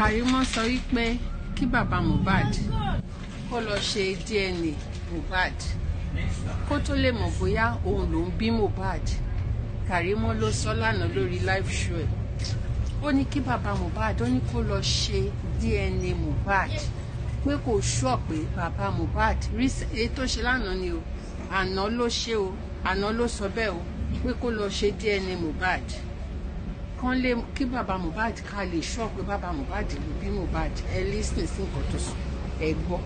Kàrímọ́ sọ wípé kí bàbá Mohbad kó lọ ṣe DNA Mohbad kó tó lè mọ̀ bóyá òun lòún bí Mohbad Kàrímọ́ ló sọ lánàá lórí live show ẹ̀ ó ní kí bàbá Mohbad ó ní kó lọ ṣe DNA Mohbad pé kò sọ pé bàbá Mohbad èyí tó ṣe lánàá ni o àná ló ṣe o àná ló sọ bẹ́ẹ̀ o pé kó lọ ṣe DNA Mohbad kán lé kí bàbá Mohbad ká lè sọ pé bàbá Mohbad ló bí Mohbad ẹ lísìn sí nǹkan tó sọ ẹ gbọ́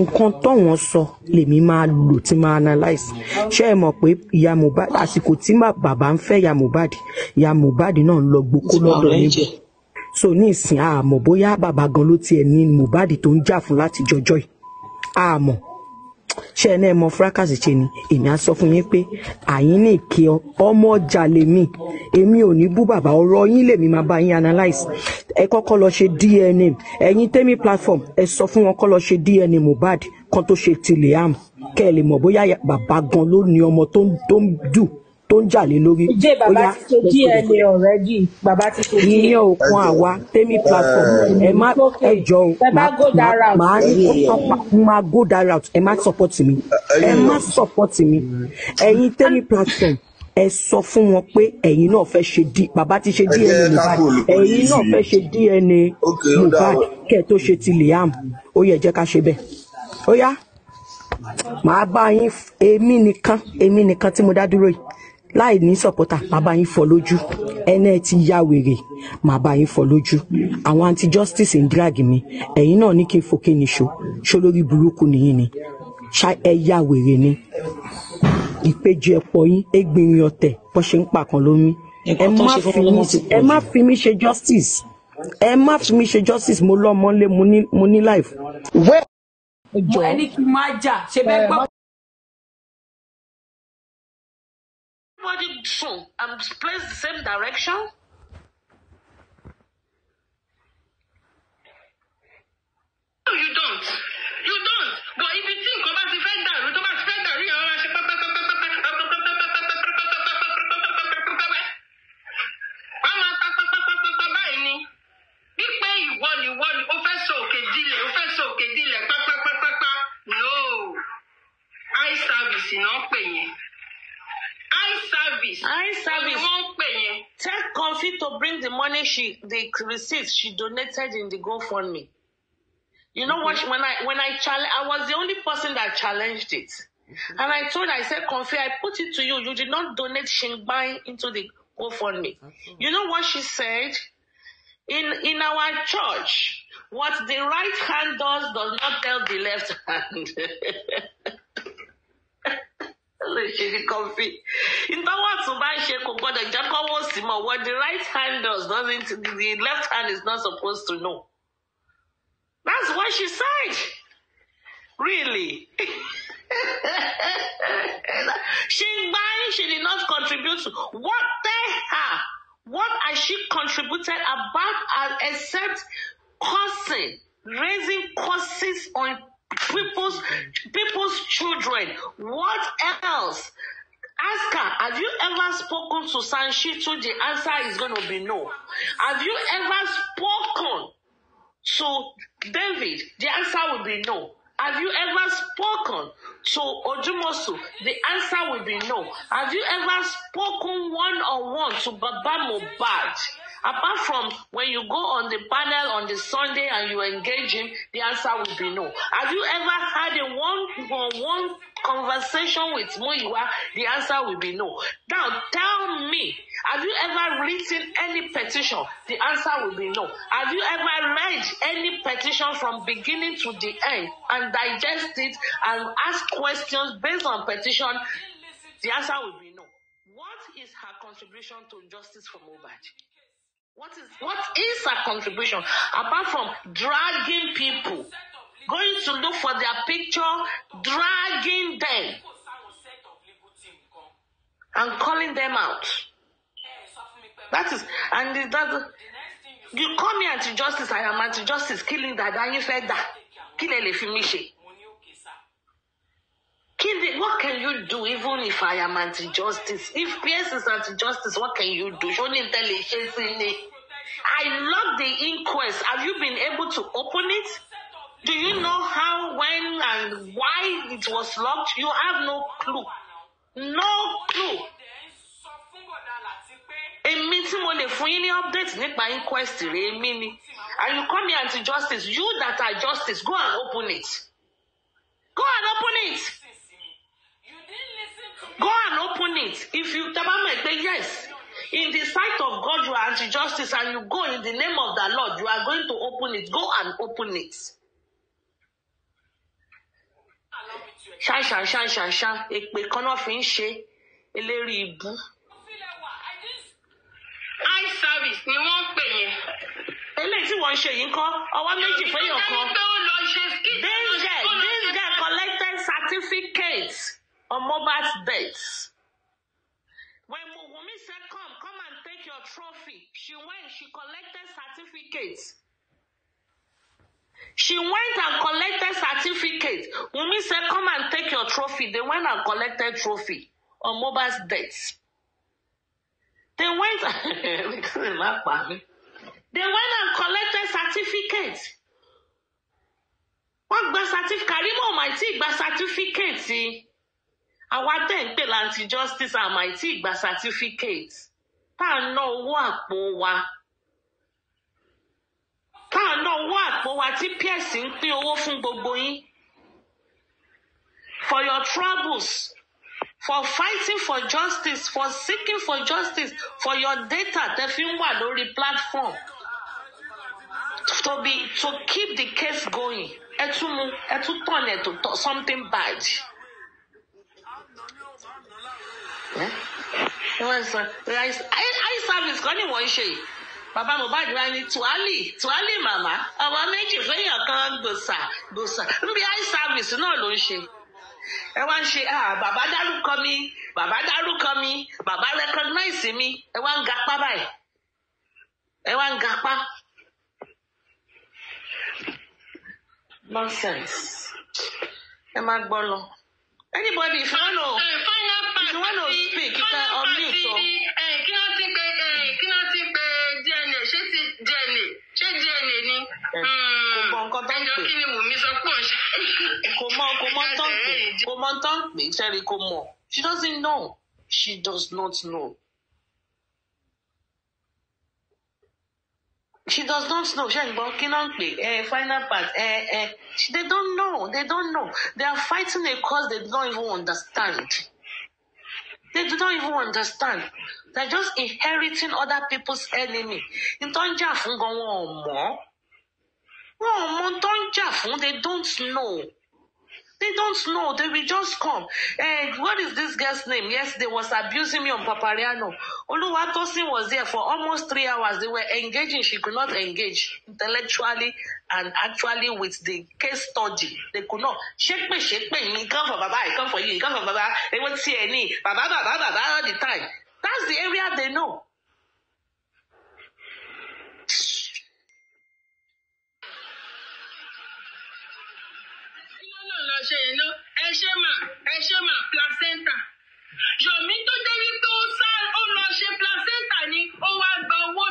nǹkan tọ̀wọ́n sọ lèmi máa lò tí máa analyse ṣé ẹ mọ̀ pé ìyá Mohbad àsìkò tí bàbá ń fẹ́ ìyá Mohbad ìyá Mohbad náà lọ gboko lọ́dọ̀ níbo so ní ìsìn àmọ́ bóyá bàbá gan ló tiẹ̀ ní Mohbad tó ń jà fún láti jọjọ́ yìí àmọ́ ṣé ẹ náà mọ fracas ṣe ni èmi á sọ fún yín pé àyín ní ìkí ọmọ ọjà lèmi èmi ò ní bú bàbá ọ̀rọ̀ yín lèmi máa bá yín analyse ẹ kọ́kọ́ lọ ṣe DNA ẹ̀yin tèmi platform ẹ sọ fún wọn kọ́ lọ ṣe DNA Mohbad kan tó ṣe tìlẹ̀ àmì kẹ́ ẹ lè mọ̀ bóyá bàbá gan ló ní ọmọ tó ń dù tó ń jà lé lórí. ìjẹ́ bàbá ti ṣe DNA already bàbá ti ṣe DNA. ìyẹn òkun àwa tèmi platform ẹ má ẹ jọ o máa máa go that route ẹ má support mi ẹ má support mi ẹ̀yin tèmi platform ẹ sọ fún wọn pé ẹ̀yin náà fẹ́ ṣe d bàbá ti ṣe DNA Mohbad ẹ̀yin náà fẹ́ ṣe DNA Mohbad kẹ́ ẹ tó ṣe ti Liam ó yẹ jẹ́ ká ṣe bẹ́ẹ̀ ó yá màá bá yín èmi nìkan èmi nìkan tí mo dá dúró yìí láì ní sọ̀pọ̀tà màá bá yín fọ́ lójú ẹni ẹ ti ya wèrè màá bá yín fọ́ lójú àwọn anti justice ń drag mi ẹ̀yin náà ní kí n fòkè níṣó ṣó lórí burúkú nìyí ni ẹ ya wèrè ni ìpéjì ẹ̀pọ̀ yín égbìnrin ọ̀tẹ̀ bó ṣe ń pàkan lómi ẹ má fi mí ṣe justice ẹ má fi mí ṣe justice mo lọ́ọ́ mọ́lé mo ní life. ẹni kí n má jà ṣe bẹ́ẹ̀ gbọ́. So I'm placed the same direction. you don't. she the receipts she donated in the GoFundMe. You know what? When I when I challenge, I was the only person that challenged it, mm-hmm. and I told I said, "Confi, I put it to you. You did not donate Shingbai into the GoFundMe." You know what she said? In in our church, what the right hand does does not tell the left hand. lè ṣe ní kọfí ìtọ́wọ́sùn bá ń ṣe kò gbọ́dọ̀ jẹ́ kọ́wọ́ sí mọ̀ what the right hand does doesn't the left hand is not supposed to know that's what she said really she buying. she did not contribute to what tell her what has she contributed about her except cursing raising curses on people's people's children. What else? Ask her, have you ever spoken to To The answer is going to be no. Have you ever spoken to David? The answer will be no. Have you ever spoken to Ojumosu? The answer will be no. Have you ever spoken one on one to Baba Mubad? Apart from when you go on the panel on the Sunday and you engage him, the answer will be no. Have you ever had a one-on-one conversation with Muiwa? The answer will be no. Now tell me, have you ever written any petition? The answer will be no. Have you ever read any petition from beginning to the end and digest it and ask questions based on petition? The answer will be no. What is her contribution to justice for Mohbad? What is what is her contribution apart from dragging people, going to look for their picture, dragging them, and calling them out? That is, and that You call me anti-justice, I am anti-justice, killing that, and you said that. Kí lẹ lè what can you do even if I am anti-justice? If PS is anti-justice, what can you do? intelligence, I love the inquest. Have you been able to open it? Do you know how, when, and why it was locked? You have no clue. No clue. A meeting mo lè fún updates. ní update inquest rè èmi ni and you call me anti-justice you that are justice go and open it go and open it. go and open it if you tẹ́ bá mọ̀ yes in the sight of God you are anti-justice and you go in the name of the Lord you are going to open it go and open it. ṣáṣáṣáṣáṣá èpè kan náà fi ń ṣe eléri ibú. eye service ni wọ́n ń pè yẹn. eléyìí tí wọ́n ń ṣe yìí ń kọ́ ọwọ́ méjì fẹ́yàn kan. ìgbésẹ̀ wípé ó lọ ṣe skit. on Moba's death. When Muhumi said, Come, come and take your trophy, she went, she collected certificates. She went and collected certificates. Wumi said, Come and take your trophy. They went and collected trophy on Moba's death. They went They went and collected certificates. What gba certificate. Karima mà tí certificate? See àwa tẹ̀ ń pè láǹtí justice àmọ́ àìtí ìgbà certificate tá à ń ná owó àpò wa tá à ń ná owó àpò wa tí peers ń pín owó fún gbogbo yín for your troubles for fighting for justice for seeking for justice for your data tẹ́ fi ń wà lórí platform to be to keep the case going ẹ tún mu ẹ tún tọ̀nà ẹ tó tọ̀ something bad iservice kan ni wọ́n ń ṣe yìí bàbá Mohbad wa ni tuwali tuwali màmá ọmọ méjì fẹ́yàn kan gbòòsà gbòòsà níbi iservice náà ló ń ṣe ẹ wá ń ṣe bàbá dárúkọ mi bàbá dárúkọ mi bàbá recognize mi ẹ wá ń gapá báyìí ẹ wá ń gapá. nonsense ẹ má gbọ́ lọ anybody if you wan know if you wan know speak you can unmute o. Eh, kí ló ti pe eh, kí ló ti pe DNA ṣé ti DNA ṣé DNA ni. Eh, kò hmm, mọ nǹkan tó ń pè ẹjọ́ kí ni Wùmí sọ pé òun ṣe. kò mọ kò she doesn't know she does not know. she does not know She ń gbọ́ kí náà ń pè ẹ final part ẹ eh, ẹ eh. they don't know they don't know they are fighting a cause they don't even understand they do not even understand they are just inheriting other people's enemy ntọ́njà fún gan wọn ò mọ̀ wọn ò mọ̀ ntọ́njà fún they don't know. They don't know. They will just come. And what is this girl's name? Yes, they was abusing me on Papariano. Oluwatosin was there for almost three hours. They were engaging. She could not engage intellectually and actually with the case study. They could not. Shake me, shake me. Come for Baba. I come for you. Come for Baba. They won't see any. Baba, Baba, Baba all the time. That's the area they know. ṣe yẹn náà ẹ ṣe mà ẹ ṣe mà placenta yomi tó jẹ́ wípé ó sá ó lọ ṣe placenta ni ó wá gba owó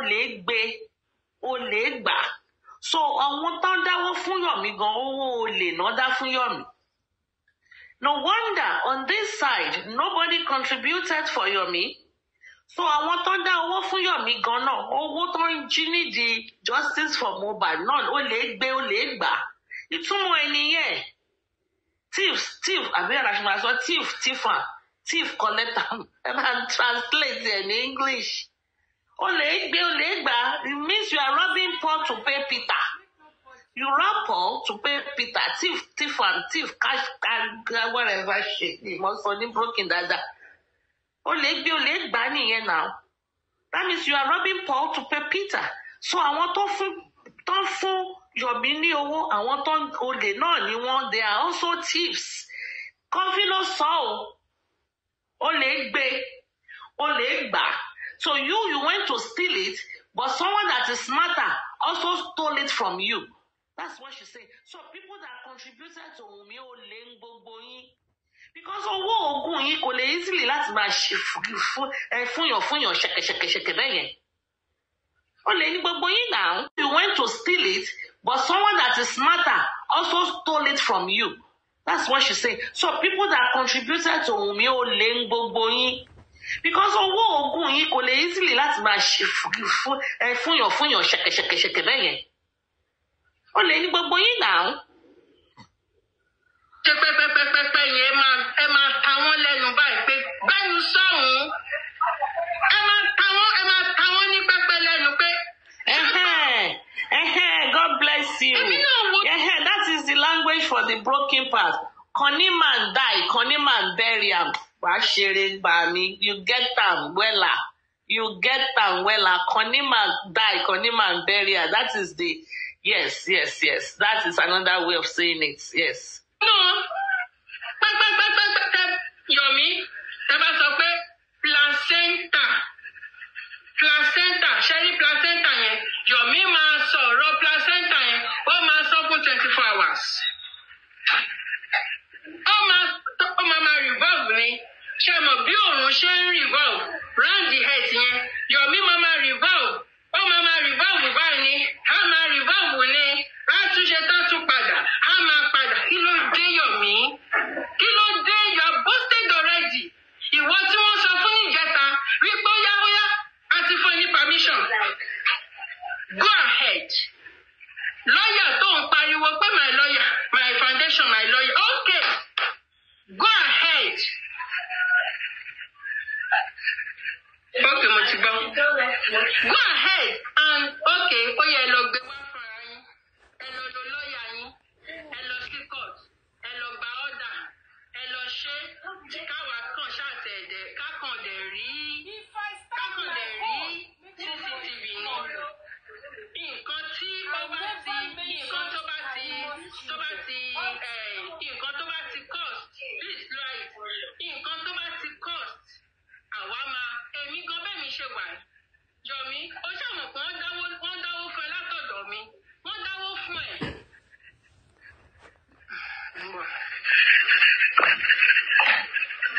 olè gbé olè gbà so àwọn tán dáwó fún Yomi gan owó olè náà dá fún Yomi. No wonder on this side nobody contributed for Yomi so àwọn tó ń dá owó fún Yomi ganan owó tó ń jí nídìí justice for mobile? náà ó lè gbé ó lè gbà ìtumọ̀ ẹni yẹn thief thief àbí ìrànṣẹ́mọ̀ sọ thief thiefer thief collector and translate in English o lè gbé o lè gbà it means you are robbing Paul to pay Peter you rob Paul to pay Peter thief thief and thief cash agbára ẹ̀fà ṣe ìmọ̀sán ní broken dáadáa o lè gbé o lè gbà nìyẹn now. that means you are robbing Paul to pay Peter so àwọn tó fún tó fún Yọ̀mí ní owó àwọn tó olè náà ni wọ́n they are also thieves kọ́fí ló sọ ọ́ o lè gbé o lè gbà. So you, you went to steal it, but someone that is smarter also stole it from you. That's what she say. So people that contributed to Wunmi o lé ń gbogbo yín. Because owó oògùn yín kò lè easily láti máa ṣe fúnyàn fúnyàn ṣẹ̀kẹ̀ṣẹ̀kẹ̀ṣẹ̀kẹ̀ bẹ́ẹ̀ yẹn. Ó lè ní gbogbo yín náà. You went to steal it, but someone that is smarter also stole it from you. That's what she say. So people that contributed to Wunmi o lé ń gbogbo yín because owó oògùn yìí kò lè easily láti máa fúnyàn fúnyàn ṣẹ̀kẹ̀ṣẹ̀kẹ̀ bẹ́ẹ̀ yẹn ó lè ní gbogbo yín nà án. ṣé pẹ́pẹ́pẹ́pẹ́ yẹn ẹ máa ta wọ́n lẹ́nu báyìí pé bẹ́ẹ̀ni sọ́hún ẹ máa ta wọ́n ẹ máa ta wọ́n ní pẹ́pẹ́ lẹ́nu pé. God bless you. That is the language for the broken part kan ní màá die kan ní màá bury am wàá ṣeré gbà mí you get am wella ah. you get am wella ah. kan ní màá die kan ní màá bury am that is the yes yes yes that is another way of saying it yes. nínú pẹ́pẹ́pẹ́pẹ́ yomi ẹ bá sọ pé placenta placenta ṣẹ́rí placenta yẹn yomi máa sọ̀rọ̀ placenta yẹn ó máa sọ fún twenty four hours. mi ṣé o mọ̀ bí òun ṣe the head You, yọ̀mí máa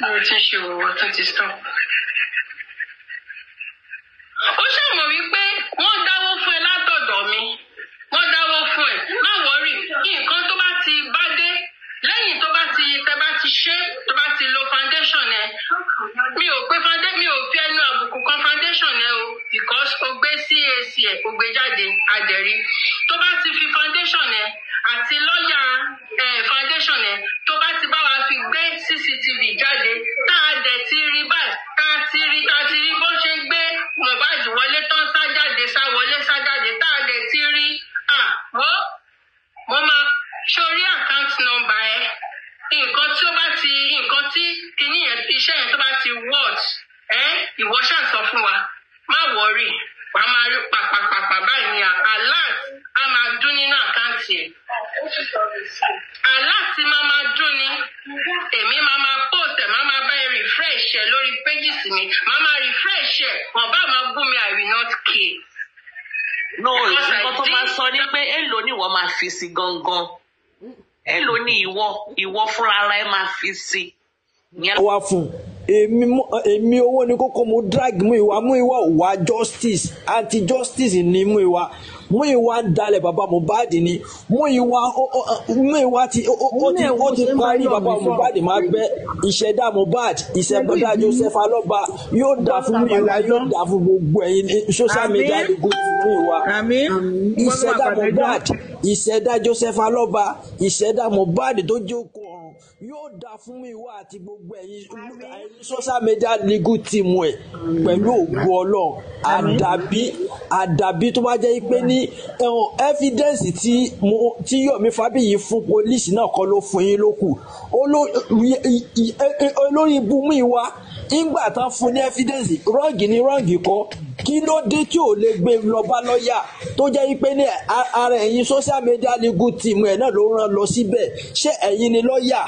mo ti ṣe òwò tó ti stop. ó ṣàmọ̀ wípé wọ́n dáwó fún ẹ látọ̀dọ̀ mi wọ́n dáwó fún ẹ má wọ́rì nǹkan tó bá ti bá dé lẹ́yìn tó bá ti tẹ bá ti ṣe tó bá ti lo foundation ẹ mi ò pé foundation mi ò fi ẹnu àbùkù kan foundation ẹ o because o gbé CAC ẹ o gbé jáde adẹ̀rí fi sí gangan èló ni ìwọ ìwọ fúnra ara ẹ máa fi sí. wá fún èmi èmi owó ni kókó mo drag mú ìwà mú ìwà wá justice anti justice ni mú ìwà Muyiwa ń dalẹ̀ bàbá Mohbad ni Muyiwa Muyiwa ti o ti o ti parí bàbá Mohbad máa gbẹ ìṣẹ̀dá Mohbad ìṣẹ̀dá Joseph Alọ́ba yóò dà fún Muyiwa yóò dà fún gbogbo ẹ̀yin social media lógo fún Muyiwa ìṣẹ̀dá Mohbad ìṣẹ̀dá Joseph Alọ́ba ìṣẹ̀dá Mohbad tó jókòó ọ̀run yóò dà fún Muyiwa àti gbogbo ẹ̀yin social media legal team ẹ̀ pẹ̀lú ògo Ọlọ́run àdàbí àdàbí tó bá jẹ́ pé ní evidence tí tí Yomi Fabiyi fún polisi náà kọ́ ló fún yín ló kù olórí bumi wa ìgbà tán fún ní evidence rọ́ọ̀gì ni rọ́ọ̀gì kọ́ kí ló dé tí ò lè gbé lọ bá lọ́ọ̀yà tó jẹ́ pé ní ara ẹ̀yin social media legal team ẹ̀ náà ló rán lọ síbẹ̀ ṣé ẹ̀yin ni lọ́ọ̀yà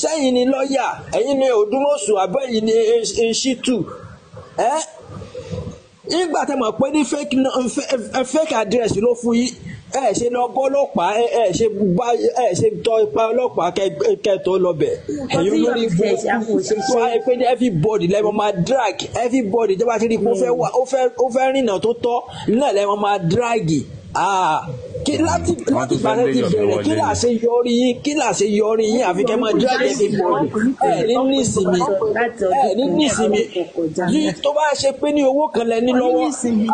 sẹ́yìn ni lọ́ọ̀yà ẹ̀yin ni Odúmọ̀ṣù àbẹ́yìn ni Ṣítù ẹ́ nígbà tẹ́ mọ̀ pé ní fake address ló fún yín ẹ ṣe lọ bọ́ ọlọ́pàá ẹ ṣe bá ẹ ṣe tọ́ ipa ọlọ́pàá kẹtọ́ lọ́bẹ̀ ẹ̀yin olórí ibú tó ayé pé ní everybody lẹ́mọ̀ máa drag everybody tó bá ti rí i pé ó fẹ́ rìnà tó tọ́ náà lẹ́mọ̀ máa drag. Ah, kí láti láti bàrẹ ti bẹ̀rẹ̀ kí là ṣe yọrí yín kí là ṣe yọrí yín àfi kẹ́ máa jáde ìbọdù ẹ ní nísìmí ẹ ní nísìmí yìí tó bá ṣe pé ní owó kan lẹ ní lọ́wọ́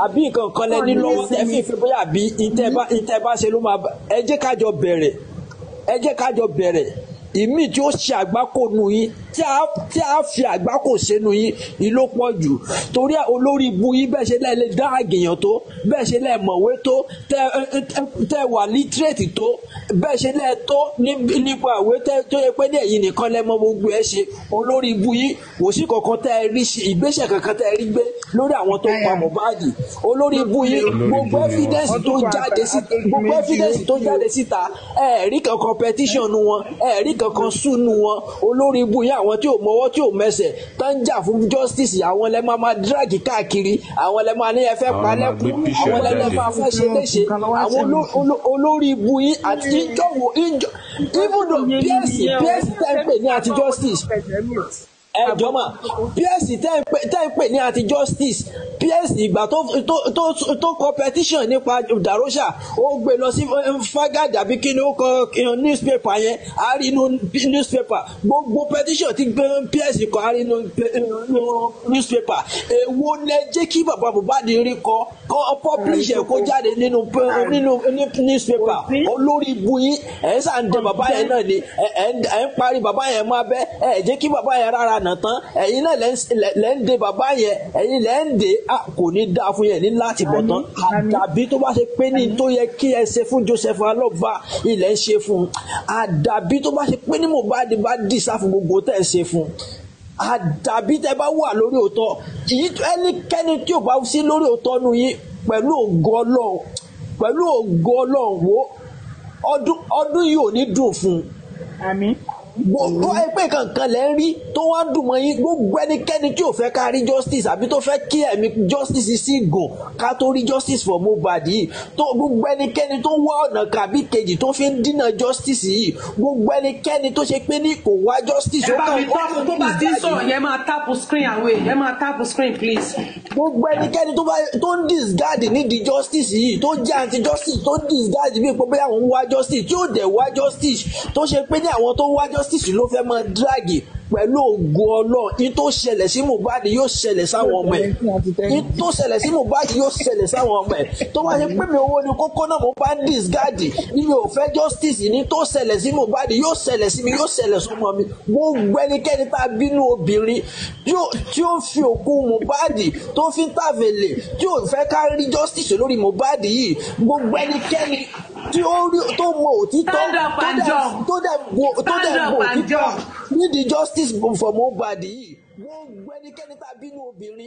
àbí nǹkan kan lẹ ní lọ́wọ́ ẹ fi fi bóyá àbí ìtẹ bá ṣe ló máa ẹ jẹ́ kájọ bẹ̀rẹ̀ ẹ jẹ́ kájọ bẹ̀rẹ̀ ìmí tí ó ṣe àgbákò nù yín tí a fi àgbákò sínú yín ni ló pọ̀ jù torí olórí ibu yín bẹ́ẹ̀ ṣe lẹ́ẹ̀lẹ́ dá àgèyàn tó bẹ́ẹ̀ ṣe lẹ́ẹ̀ mọ̀wé tó tẹ́ wà lítírètì tó bẹ́ẹ̀ ṣe lẹ́ẹ̀ tó nípa àwé tó yẹ pé ní ẹ̀yìn nìkan lẹ́mọ gbogbo ẹ̀ ṣe olórí ibu yín kò sí kankan tẹ́ ẹ rí ìgbésẹ̀ kankan tẹ́ ẹ rí gbé lórí àwọn tó pa Mohbad olórí ibu yín gbogbo ẹ́fídẹ́ǹsì tó jáde síta ẹ̀ẹ́rí kankan pẹtíṣọ̀nù wọn ẹ̀ẹ́rí kan nǹkan kan súnú wọn olórí ibú yẹn àwọn tí ò mọwọ́ tí ò mẹsẹ̀ tá ń jà fún justice àwọn lẹ́ máa máa dírààgì káàkiri àwọn lẹ́ máa ní ẹ fẹ́ àwọn lẹ́ máa máa fẹ́ ṣe léṣe àwọn olórí ibú àti ìjọwò ìjọ ibùdó pẹ́ẹ́sì pẹ́ẹ́sì tẹ́ ń pè ní àti justice ẹ jọ̀ọ́ mà pẹ́ẹ́sì tẹ́ pè ní àti justice PS ìgbà tó kọ petition nípa Darosha ó gbé lọ sí eh, Fagad àbí kí ni ó kọ newspaper yẹn a rí inú newspaper gbogbo petition ti gbé PS kọ a rí inú newspaper èwo lẹ jẹ́ kí bàbá Mohbad rí kọ kọ publish ẹ̀ kó jáde nínú newspaper olórí ibu yín ẹ̀ ń sàn dẹ bàbá yẹn náà ni ẹ̀ ń parí bàbá yẹn mọ́ abẹ́ ẹ̀ jẹ́ kí bàbá yẹn rárá nà tán ẹ̀yin náà lẹ́ ń de bàbá yẹn ẹ̀yin lẹ́ ń de kò ní dáa fún yẹn ní láti bọ̀ tán àdàbí tó bá ṣe pé ní tó yẹ kí ẹ ṣe fún Joseph alọ́ba ilẹ̀ ń ṣe fún un àdàbí tó bá ṣe pé ní Mohbad bá dì sáfún gbogbo tẹ̀ ṣe fún un àdàbí tẹ bá wà lórí òótọ́ ẹnikẹ́ni tí ò bá sí lórí òótọ́ nu yín pẹ̀lú ògo Ọlọ́run pẹ̀lú ògo Ọlọ́run wo ọdún yìí ò ní dùn fún un tó ẹ pé kankan lẹ́ ń rí tó wá dùn mọ́ yín gbogbo ẹnikẹ́ni tí ò fẹ́ ká rí justice àbí tó fẹ́ kí ẹ̀mí justice sí gùn ká tó rí justice for Mohbad yìí tó gbogbo ẹnikẹ́ni tó wá ọ̀nà kàbí kejì tó fi ń dínà justice yìí gbogbo ẹnikẹ́ni tó ṣe pé ní kò wá justice. ẹ bá mi tọ́pù tó bá dín sọ̀rọ̀ yẹn máa tápù screen àwẹ̀ yẹn máa tápù screen please. gbogbo ẹnikẹ́ni tó ń disgard nídìí justice yìí tó jẹ́ anti justice tó disgard bí pé bóyá àwọn wá justice tí ò dẹ̀ wá justice tó ṣe pé ní àwọn tó wá justice justice ló fẹ́ máa dráàgì pẹ̀lú ògo ọlọ́run ní tó ṣẹlẹ̀ sí Mohbad yóò ṣẹlẹ̀ sáwọn ọmọ ẹ̀ ní ṣẹlẹ̀ sí Mohbad yóò ṣẹlẹ̀ sáwọn ọmọ ẹ̀ tó wáá yẹ pé mi owó ni kókó náà mo bá disgard ni mi ò fẹ́ justice ní tó ṣẹlẹ̀ sí Mohbad yóò ṣẹlẹ̀ sí mi yóò ṣẹlẹ̀ sọmọ mi gbogbo ẹnikẹ́ni tá a bínú obìnrin tí ó fi òkú Mohbad tó fi ń tàvélè tí ò fẹ́ ká rí justice lórí Mohbad yìí gbogbo ẹnikẹ́ni tí ó mọ òtítọ́ tó dẹ̀ bo the justice for Mohbad yìí gbogbo ẹnikẹ́ni tá a bínú obìnrin.